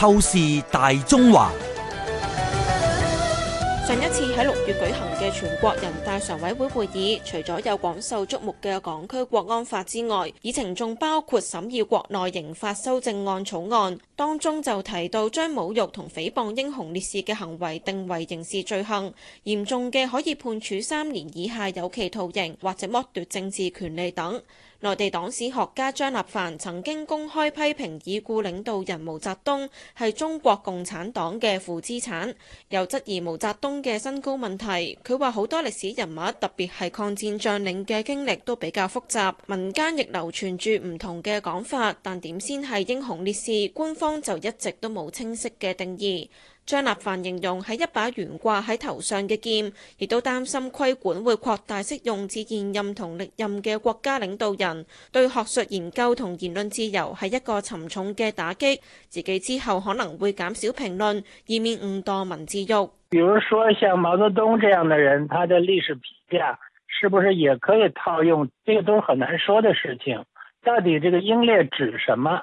透視大中華。上一次喺六月舉行嘅全國人大常委會會議，除咗有廣受矚目嘅港區國安法之外，議程仲包括審議國內刑法修正案草案，當中就提到將侮辱同誹謗英雄烈士嘅行為定為刑事罪行，嚴重嘅可以判處三年以下有期徒刑或者剝奪政治權利等。內地黨史學家張立凡曾經公開批評已故領導人毛澤東係中國共產黨嘅負資產，又質疑毛澤東。嘅身高問題，佢話好多歷史人物，特別係抗戰將領嘅經歷都比較複雜，民間亦流傳住唔同嘅講法，但點先係英雄烈士，官方就一直都冇清晰嘅定義。張立凡形容係一把懸掛喺頭上嘅劍，亦都擔心規管會擴大適用至現任同歷任嘅國家領導人，對學術研究同言論自由係一個沉重嘅打擊。自己之後可能會減少評論，以免誤墮文字獄。比如說，像毛澤東這樣的人，他的歷史評價是不是也可以套用？這個都很難說的事情。到底這個英烈指什麼？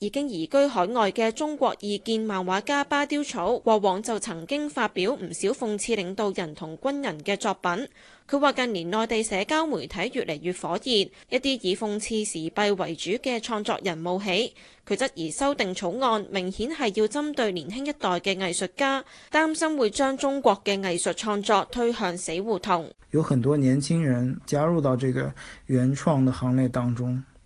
已經移居海外嘅中國異見漫畫家巴丟草，過往，往就曾經發表唔少諷刺領導人同軍人嘅作品。佢話近年內地社交媒體越嚟越火熱，一啲以諷刺時弊為主嘅創作人冒起。佢質疑修訂草案明顯係要針對年輕一代嘅藝術家，擔心會將中國嘅藝術創作推向死胡同。有很多年輕人加入到這個原創的行列當中。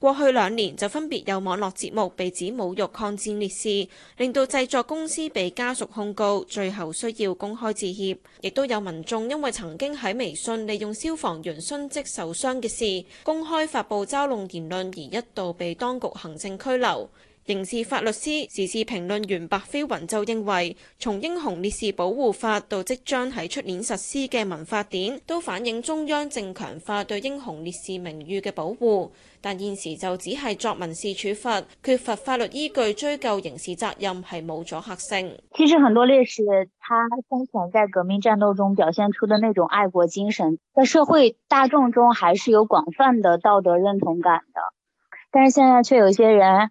過去兩年就分別有網絡節目被指侮辱抗戰烈士，令到製作公司被家屬控告，最後需要公開致歉；亦都有民眾因為曾經喺微信利用消防員殉職受傷嘅事，公開發布嘲弄言論，而一度被當局行政拘留。刑事法律師時事評論員白飛雲就認為，從英雄烈士保護法到即將喺出年實施嘅民法典，都反映中央正強化對英雄烈士名譽嘅保護。但現時就只係作民事處罰，缺乏法律依據追究刑事責任係冇咗核性。其實很多烈士，他生前在革命戰鬥中表現出的那種愛國精神，在社會大眾中還是有廣泛的道德認同感的。但是現在卻有一些人。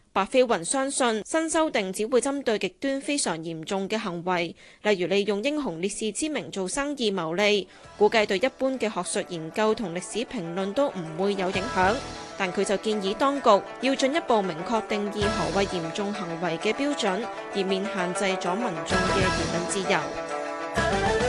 白飛云相信新修訂只會針對極端、非常嚴重嘅行為，例如利用英雄烈士之名做生意牟利，估計對一般嘅學術研究同歷史評論都唔會有影響。但佢就建議當局要進一步明確定義何謂嚴重行為嘅標準，以免限制咗民眾嘅言論自由。